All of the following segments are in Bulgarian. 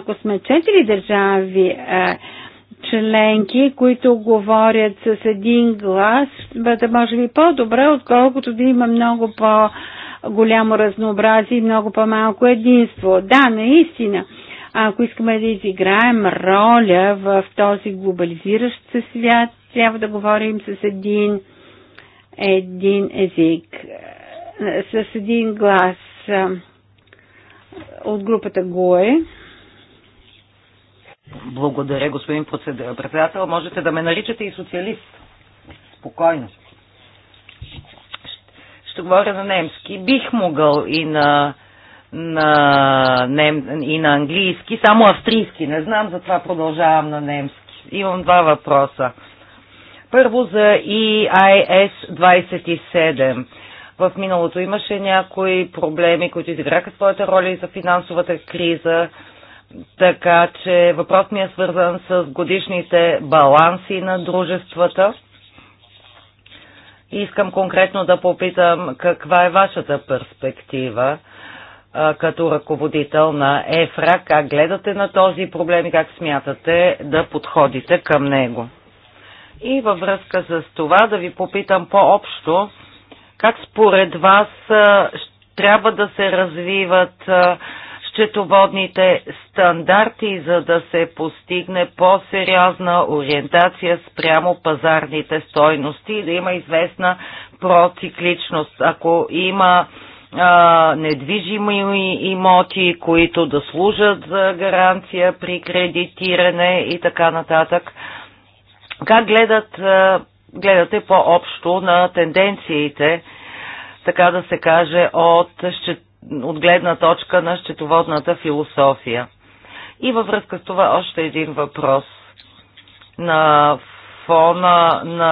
ако сме четири държави а, е, членки, които говорят с един глас, бъде може би по-добре, отколкото да има много по-голямо разнообразие и много по-малко единство. Да, наистина. Ако искаме да изиграем роля в този глобализиращ се свят, трябва да говорим с един, един език, е, с един глас е, от групата ГОЕ. Благодаря, господин председател. Можете да ме наричате и социалист. Спокойно. Ще говоря на немски. Бих могъл и на, на нем, и на английски, само австрийски. Не знам, затова продължавам на немски. Имам два въпроса. Първо за EIS 27. В миналото имаше някои проблеми, които изиграха своята роля и за финансовата криза така че въпрос ми е свързан с годишните баланси на дружествата. Искам конкретно да попитам каква е вашата перспектива а, като ръководител на ЕФРА, как гледате на този проблем и как смятате да подходите към него. И във връзка с това да ви попитам по-общо, как според вас а, трябва да се развиват а, счетоводните стандарти, за да се постигне по-сериозна ориентация спрямо пазарните стойности и да има известна процикличност. Ако има а, недвижими имоти, които да служат за гаранция при кредитиране и така нататък. Как гледат, а, гледате по-общо на тенденциите, така да се каже, от от гледна точка на счетоводната философия. И във връзка с това още един въпрос. На фона на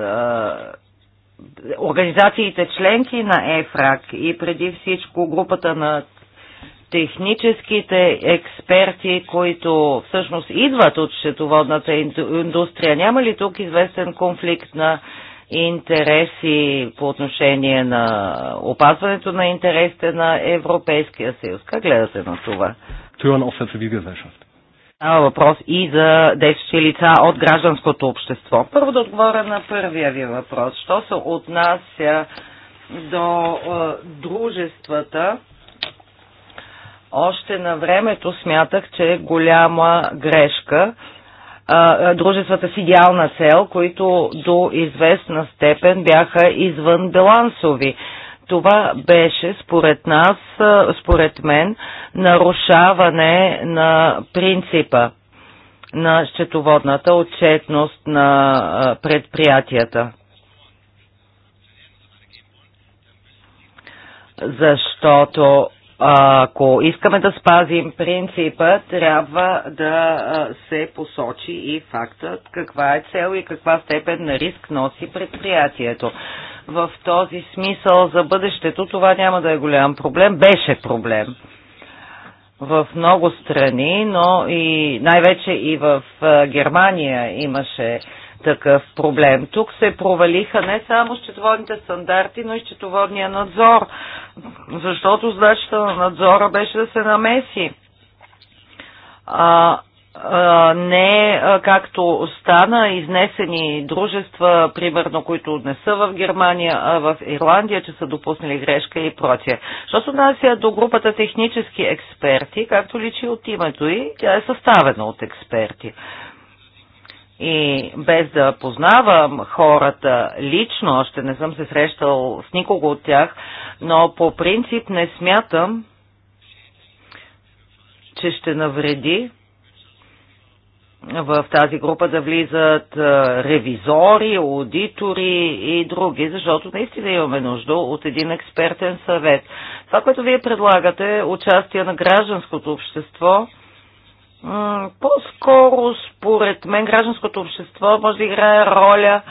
е, организациите членки на ЕФРАК и преди всичко групата на техническите експерти, които всъщност идват от счетоводната индустрия. Няма ли тук известен конфликт на интереси по отношение на опазването на интересите на Европейския съюз. Как гледате на това? Това Offensive Gesellschaft. Става въпрос и за действащи лица от гражданското общество. Първо да отговоря на първия ви въпрос. Що се отнася до е, дружествата, още на времето смятах, че е голяма грешка дружествата с идеална сел, които до известна степен бяха извън балансови. Това беше, според нас, според мен, нарушаване на принципа на счетоводната отчетност на предприятията. Защото ако искаме да спазим принципа, трябва да се посочи и фактът каква е цел и каква степен на риск носи предприятието. В този смисъл за бъдещето това няма да е голям проблем. Беше проблем в много страни, но и най-вече и в Германия имаше такъв проблем. Тук се провалиха не само счетоводните стандарти, но и счетоводния надзор, защото задачата на надзора беше да се намеси. А, а, не както стана изнесени дружества, примерно, които не са в Германия, а в Ирландия, че са допуснали грешка и прочие. Що се отнася до групата технически експерти, както личи от името и тя е съставена от експерти. И без да познавам хората лично, още не съм се срещал с никого от тях, но по принцип не смятам, че ще навреди в тази група да влизат ревизори, аудитори и други, защото наистина имаме нужда от един експертен съвет. Това, което вие предлагате, участие на гражданското общество – по-скоро, според мен, гражданското общество може да играе роля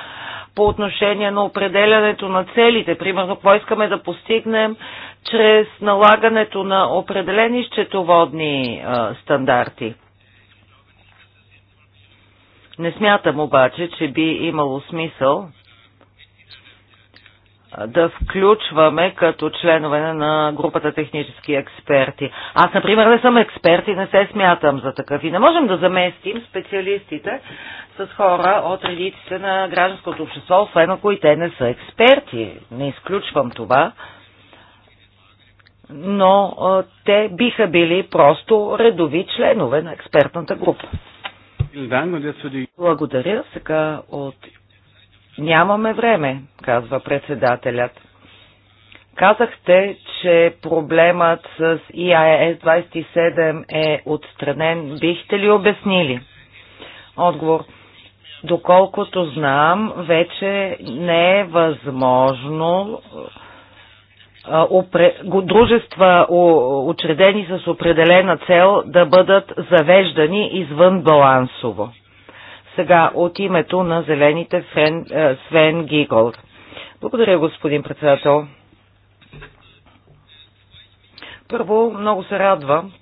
по отношение на определянето на целите. Примерно, какво искаме да постигнем чрез налагането на определени счетоводни а, стандарти. Не смятам обаче, че би имало смисъл да включваме като членове на групата технически експерти. Аз, например, не съм експерт и не се смятам за такъв. И не можем да заместим специалистите с хора от редиците на гражданското общество, освен ако и те не са експерти. Не изключвам това. Но а, те биха били просто редови членове на експертната група. Благодаря. Сега от... Нямаме време казва председателят. Казахте, че проблемът с иаес e 27 е отстранен. Бихте ли обяснили? Отговор. Доколкото знам, вече не е възможно дружества, учредени с определена цел, да бъдат завеждани извън балансово. Сега от името на зелените Свен, Свен благодаря, господин председател. Първо, много се радвам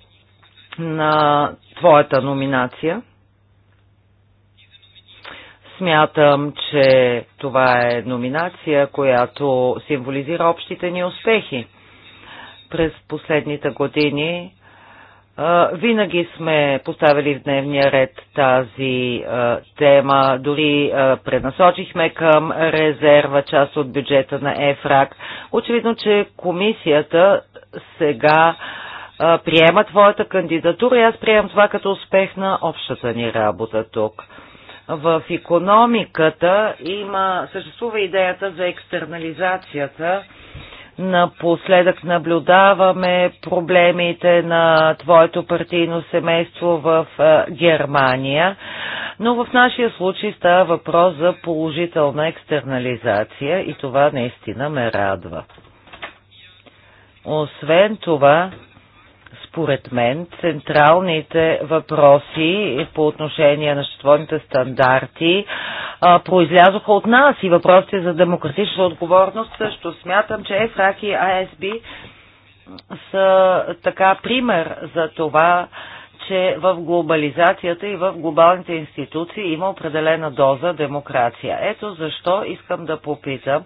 на твоята номинация. Смятам, че това е номинация, която символизира общите ни успехи. През последните години винаги сме поставили в дневния ред тази тема, дори пренасочихме към резерва част от бюджета на ЕФРАК. Очевидно, че комисията сега приема твоята кандидатура и аз приемам това като успех на общата ни работа тук. В економиката има, съществува идеята за екстернализацията Напоследък наблюдаваме проблемите на твоето партийно семейство в е, Германия, но в нашия случай става въпрос за положителна екстернализация и това наистина ме радва. Освен това, според мен, централните въпроси по отношение на счетоводните стандарти а, произлязоха от нас и въпросите за демократична отговорност също. Смятам, че ЕФРАК и АСБ са така пример за това, че в глобализацията и в глобалните институции има определена доза демокрация. Ето защо искам да попитам,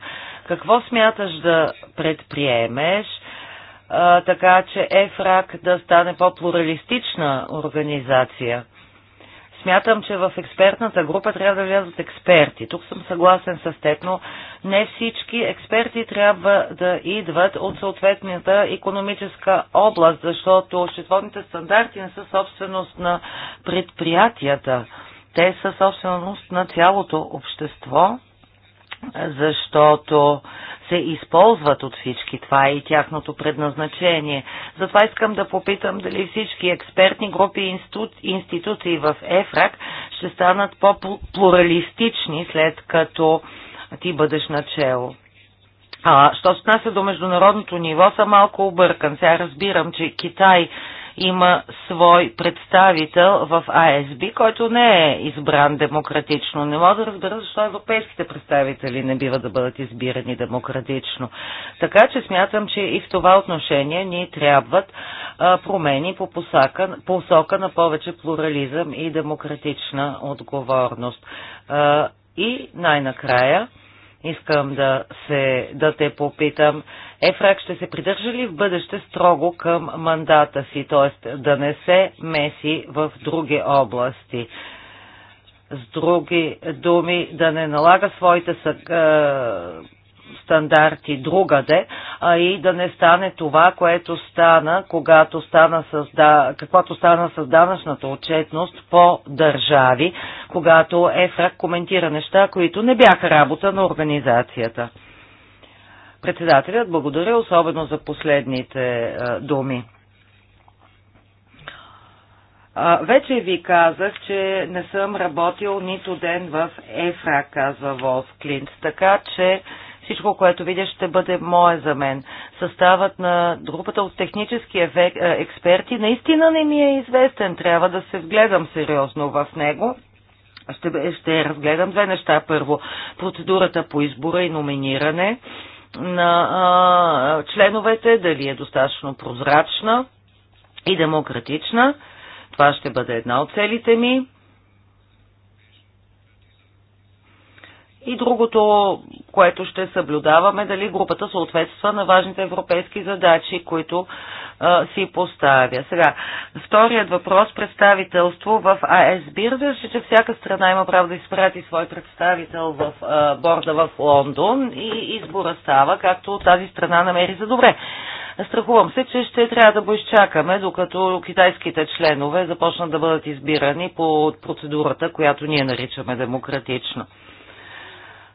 какво смяташ да предприемеш, а, така че ЕФРАК да стане по-плуралистична организация? Смятам, че в експертната група трябва да влязат експерти. Тук съм съгласен с теб, но не всички експерти трябва да идват от съответната економическа област, защото счетводните стандарти не са собственост на предприятията. Те са собственост на цялото общество защото се използват от всички. Това е и тяхното предназначение. Затова искам да попитам дали всички експертни групи и институции в ЕФРАК ще станат по-плуралистични след като ти бъдеш начало. А, що се отнася до международното ниво, съм малко объркан. Сега разбирам, че Китай има свой представител в АСБ, който не е избран демократично. Не мога да разбера защо европейските представители не бива да бъдат избирани демократично. Така че смятам, че и в това отношение ни трябват промени по посока, посока на повече плурализъм и демократична отговорност. И най-накрая Искам да, се, да те попитам, ЕФРАК ще се придържа ли в бъдеще строго към мандата си, т.е. да не се меси в други области? С други думи, да не налага своите съ е, стандарти другаде, а и да не стане това, което стана, когато стана създа... каквото стана с данъчната отчетност по държави, когато ЕФРАК коментира неща, които не бяха работа на организацията. Председателят благодаря особено за последните е, думи. Вече ви казах, че не съм работил нито ден в ЕФРА, казва Волф Клинт, така че всичко, което видя, ще бъде мое за мен. Съставът на групата от технически е, експерти наистина не ми е известен. Трябва да се вгледам сериозно в него. Ще, ще разгледам две неща. Първо, процедурата по избора и номиниране на а, членовете, дали е достатъчно прозрачна и демократична. Това ще бъде една от целите ми. И другото, което ще съблюдаваме, дали групата съответства на важните европейски задачи, които а, си поставя. Сега, вторият въпрос, представителство в АЕС Разбира се, че всяка страна има право да изпрати свой представител в а, борда в Лондон и избора става, както тази страна намери за добре. Страхувам се, че ще трябва да го изчакаме, докато китайските членове започнат да бъдат избирани по процедурата, която ние наричаме демократично.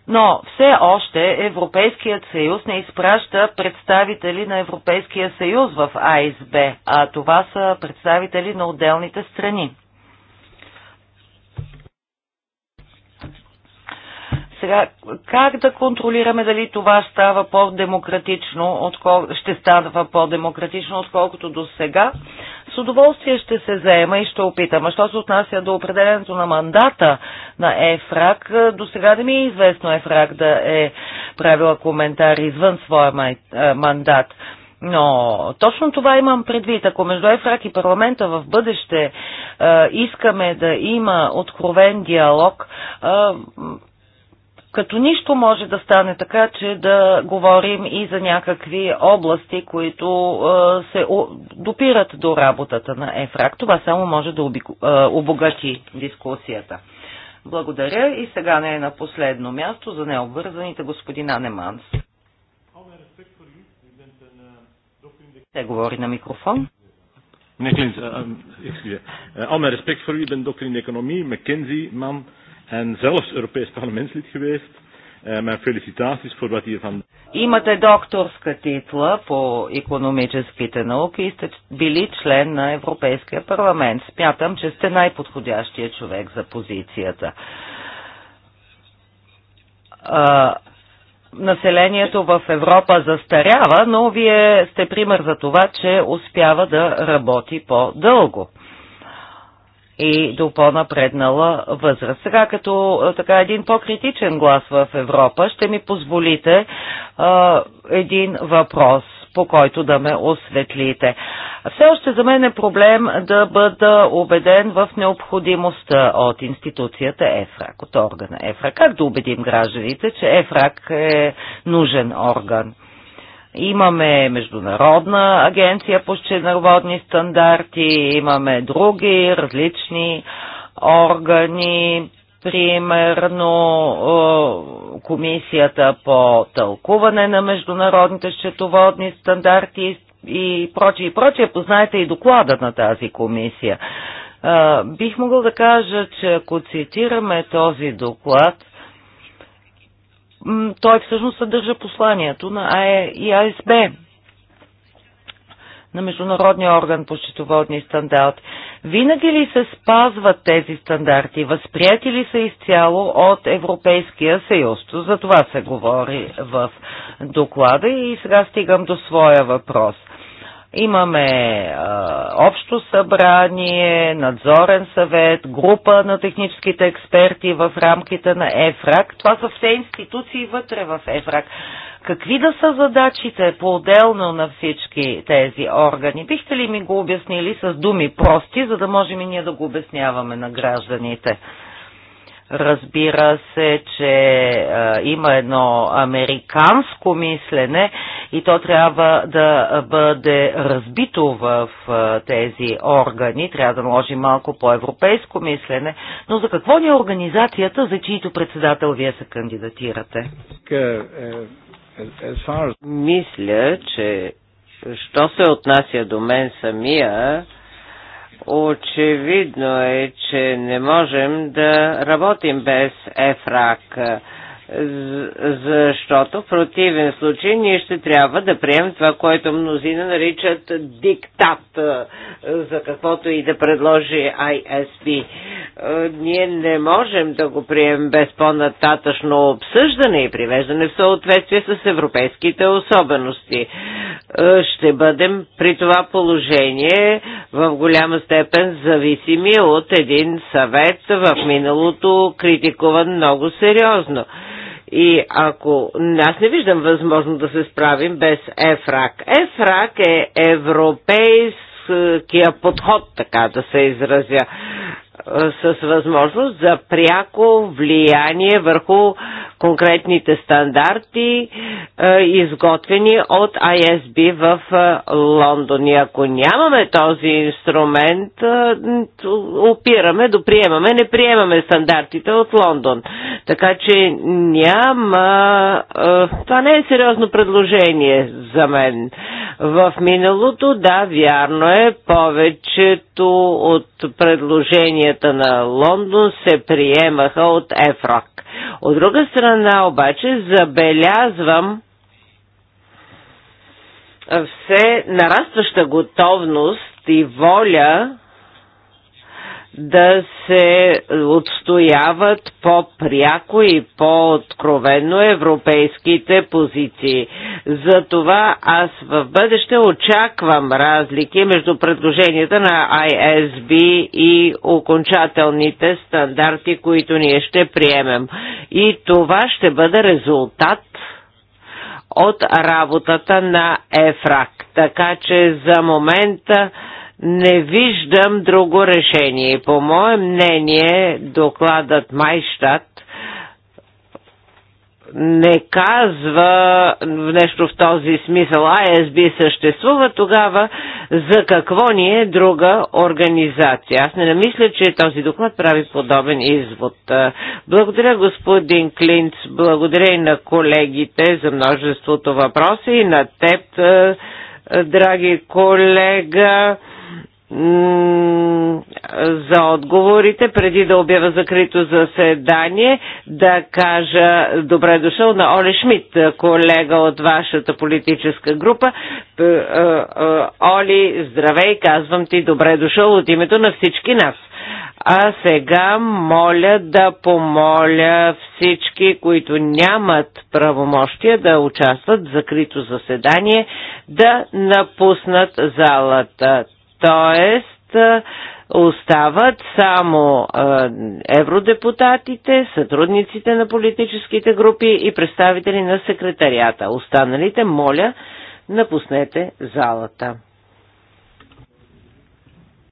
Но все още Европейският съюз не изпраща представители на Европейския съюз в АСБ, а това са представители на отделните страни. Сега, как да контролираме дали това става по-демократично, отколко ще става по-демократично, отколкото до сега? С удоволствие ще се заема и ще опитам. А що се отнася до определенето на мандата на ЕФРАК, е, до сега не ми е известно ЕФРАК да е правила коментари извън своя май, е, мандат. Но точно това имам предвид. Ако между ЕФРАК и парламента в бъдеще е, искаме да има откровен диалог, като нищо може да стане така, че да говорим и за някакви области, които се допират до работата на ЕФРАК. Това само може да обогати дискусията. Благодаря и сега не е на последно място за необвързаните господин Анеманс. Те говори на микрофон. Meneer респект uh, um, excuseer. Uh, al mijn respect en zelfs Europees parlementslid geweest. Eh, mijn felicitaties voor wat hier van... Имате докторска титла по економическите науки и сте били член на Европейския парламент. Смятам, че сте най-подходящия човек за позицията. А, населението в Европа застарява, но вие сте пример за това, че успява да работи по-дълго и до по-напреднала възраст. Сега като така един по-критичен глас в Европа ще ми позволите а, един въпрос по който да ме осветлите. Все още за мен е проблем да бъда убеден в необходимостта от институцията ЕФРАК, от органа ЕФРАК. Как да убедим гражданите, че ЕФРАК е нужен орган? Имаме Международна агенция по счетоводни стандарти, имаме други различни органи, примерно е, комисията по тълкуване на международните счетоводни стандарти и прочие, и прочие. Познаете и доклада на тази комисия. Е, бих могъл да кажа, че ако цитираме този доклад, той всъщност съдържа посланието на АЕ и АСБ, на Международния орган по счетоводни стандарти. Винаги ли се спазват тези стандарти? Възприяти ли са изцяло от Европейския съюз? За това се говори в доклада и сега стигам до своя въпрос – Имаме е, общо събрание, надзорен съвет, група на техническите експерти в рамките на ЕФРАК. Това са все институции вътре в ЕФРАК. Какви да са задачите по-отделно на всички тези органи? Бихте ли ми го обяснили с думи прости, за да можем и ние да го обясняваме на гражданите? Разбира се, че а, има едно американско мислене и то трябва да бъде разбито в а, тези органи, трябва да наложи малко по-европейско мислене, но за какво ни е организацията, за чието председател вие се кандидатирате? Е, е, е, Мисля, че що се отнася до мен самия, Очевидно е, че не можем да работим без ЕФРАК, защото в противен случай ние ще трябва да приемем това, което мнозина наричат диктат за каквото и да предложи ISP. Е, ние не можем да го приемем без по-нататъчно обсъждане и привеждане в съответствие с европейските особености. Е, ще бъдем при това положение в голяма степен зависими от един съвет в миналото, критикуван много сериозно. И ако аз не виждам възможно да се справим без ЕФРАК. ЕФРАК е европейския подход, така да се изразя с възможност за пряко влияние върху конкретните стандарти, изготвени от ISB в Лондон. И ако нямаме този инструмент, опираме, доприемаме, не приемаме стандартите от Лондон. Така че няма... Това не е сериозно предложение за мен. В миналото, да, вярно е, повечето от предложенията на Лондон се приемаха от ЕФРАК. От друга страна обаче забелязвам все нарастваща готовност и воля да се отстояват по-пряко и по-откровенно европейските позиции. Затова аз в бъдеще очаквам разлики между предложенията на ISB и окончателните стандарти, които ние ще приемем. И това ще бъде резултат от работата на ЕФРАК. Така че за момента не виждам друго решение. По мое мнение, докладът Майштат не казва нещо в този смисъл. АСБ съществува тогава, за какво ни е друга организация? Аз не намисля, че този доклад прави подобен извод. Благодаря господин Клинц, благодаря и на колегите за множеството въпроси и на теб, е, е, драги колега за отговорите, преди да обява закрито заседание, да кажа добре дошъл на Оле Шмидт, колега от вашата политическа група. Оли, здравей, казвам ти добре дошъл от името на всички нас. А сега моля да помоля всички, които нямат правомощия да участват в закрито заседание, да напуснат залата. Тоест, остават само евродепутатите, сътрудниците на политическите групи и представители на секретарията. Останалите, моля, напуснете залата.